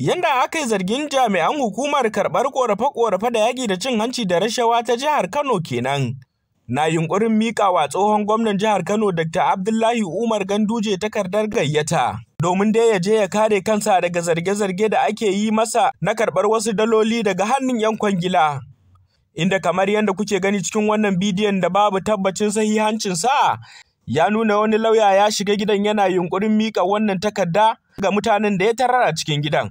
Yanda aka yi zargin jami'an hukumar karɓar ƙorafe-ƙorafe da yaƙi da cin hanci da rashawa ta jihar Kano kenan. Na yunƙurin miƙa wa tsohon gwamnan jihar Kano Dr. Abdullahi Umar Ganduje takardar gayyata. Domin dai ya je ya kare kansa daga zarge-zarge da ake yi masa na karɓar wasu daloli daga hannun 'yan kwangila. Inda kamar yadda kuke gani cikin wannan bidiyon da babu tabbacin sahihancinsa, ya nuna wani lauya ya shiga gidan yana yunƙurin miƙa wannan takarda ga mutanen da ya tarar cikin gidan.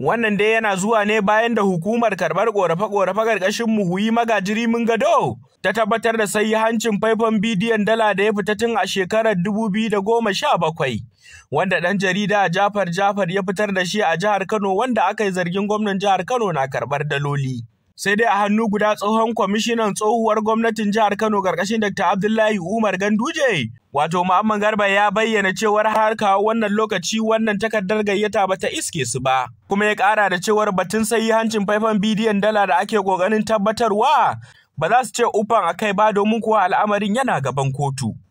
Wannan dai yana zuwa ne bayan da hukumar karɓar ƙorafe-ƙorafe ƙarƙashin mu muhuyi magajiri mun gado ta tabbatar da sai hancin faifan bidiyon dala da ya fita tun a shekarar 2017 wanda ɗan jarida Jafar Jafar ya fitar da shi a jihar Kano wanda aka yi zargin gwamnan jihar Kano na karɓar daloli. sai dai a hannu guda tsohon kwamishinan tsohuwar gwamnatin jihar Kano karkashin Dr. Abdullahi Umar Ganduje wato Muhammad Garba ya bayyana cewar har kawo wannan lokaci wannan takardar gayyata ba ta iske su ba kuma ya kara da cewar batun sai hancin faifan bidiyon dala da ake kokarin tabbatarwa ba za su ce ufan akai ba domin kuwa al'amarin yana gaban kotu